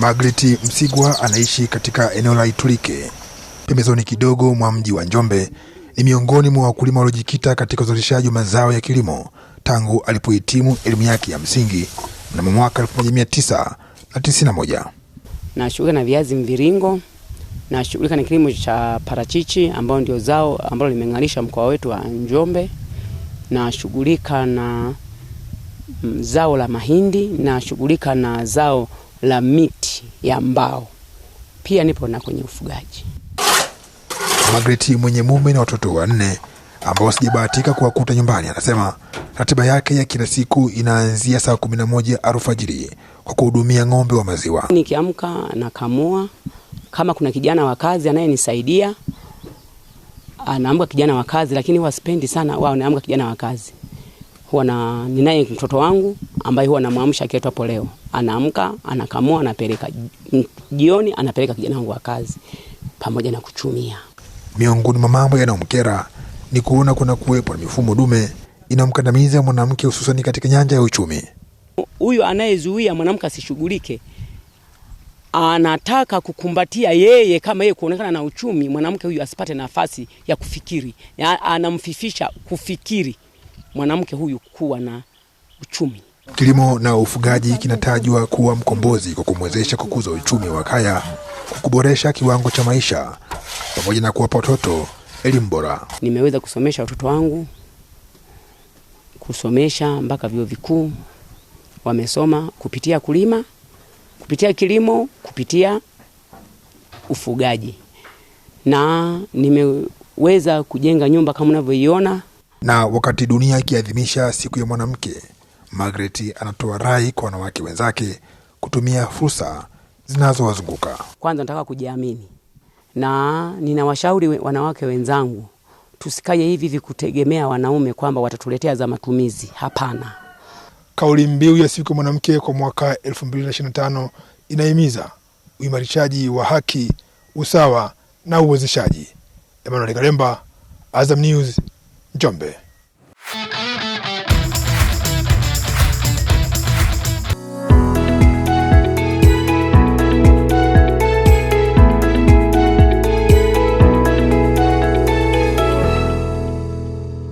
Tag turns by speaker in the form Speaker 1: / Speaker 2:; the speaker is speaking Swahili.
Speaker 1: Margaret Msigwa anaishi katika eneo la Iturike pembezoni kidogo mwa mji wa Njombe. Ni miongoni mwa wakulima waliojikita katika uzalishaji wa mazao ya kilimo tangu alipohitimu elimu yake ya msingi mnamo mwaka 1991.
Speaker 2: Nashughulika na viazi mviringo, nashughulika na kilimo cha parachichi ambayo ndio zao ambalo limeng'alisha mkoa wetu wa Njombe. Nashughulika na mm, zao la mahindi, nashughulika na zao la miti ya mbao. Pia nipo na kwenye ufugaji.
Speaker 1: Magreti mwenye mume na watoto wanne ambao sijabahatika kuwakuta nyumbani, anasema ratiba yake ya kila siku inaanzia saa kumi na moja alfajiri kwa kuhudumia ng'ombe wa maziwa.
Speaker 2: Nikiamka nakamua, kama kuna kijana wa kazi anayenisaidia anaamka kijana wa kazi, lakini huwa sipendi sana wao, naamka kijana wa kazi huwa na ninaye mtoto wangu ambaye huwa namwamsha akiitwa poleo, anaamka anakamua, anapeleka jioni, anapeleka kijana wangu wa kazi pamoja na kuchumia.
Speaker 1: Miongoni mwa mambo yanayomkera ni kuona kuna kuwepo na mifumo dume inamkandamiza mwanamke hususani katika nyanja ya uchumi.
Speaker 2: Huyu anayezuia mwanamke asishughulike anataka kukumbatia yeye kama yeye kuonekana na uchumi, mwanamke huyu asipate nafasi ya kufikiri, ya, anamfifisha kufikiri mwanamke huyu kuwa na uchumi.
Speaker 1: Kilimo na ufugaji kinatajwa kuwa mkombozi kwa kumwezesha kukuza uchumi wa kaya kwa kuboresha kiwango cha maisha pamoja na kuwapa watoto elimu bora.
Speaker 2: Nimeweza kusomesha watoto wangu kusomesha mpaka vyuo vikuu, wamesoma kupitia kulima, kupitia kilimo, kupitia ufugaji na nimeweza kujenga nyumba kama unavyoiona.
Speaker 1: Na wakati dunia ikiadhimisha siku ya mwanamke Margaret anatoa rai kwa wanawake wenzake kutumia fursa zinazowazunguka.
Speaker 2: Kwanza nataka kujiamini, na ninawashauri wanawake wenzangu tusikaye hivi hivi kutegemea wanaume kwamba watatuletea za matumizi. Hapana.
Speaker 1: Kauli mbiu ya siku ya mwanamke kwa mwaka 2025 inahimiza uimarishaji wa haki, usawa na uwezeshaji. Emmanuel Kalemba, Azam News, Njombe.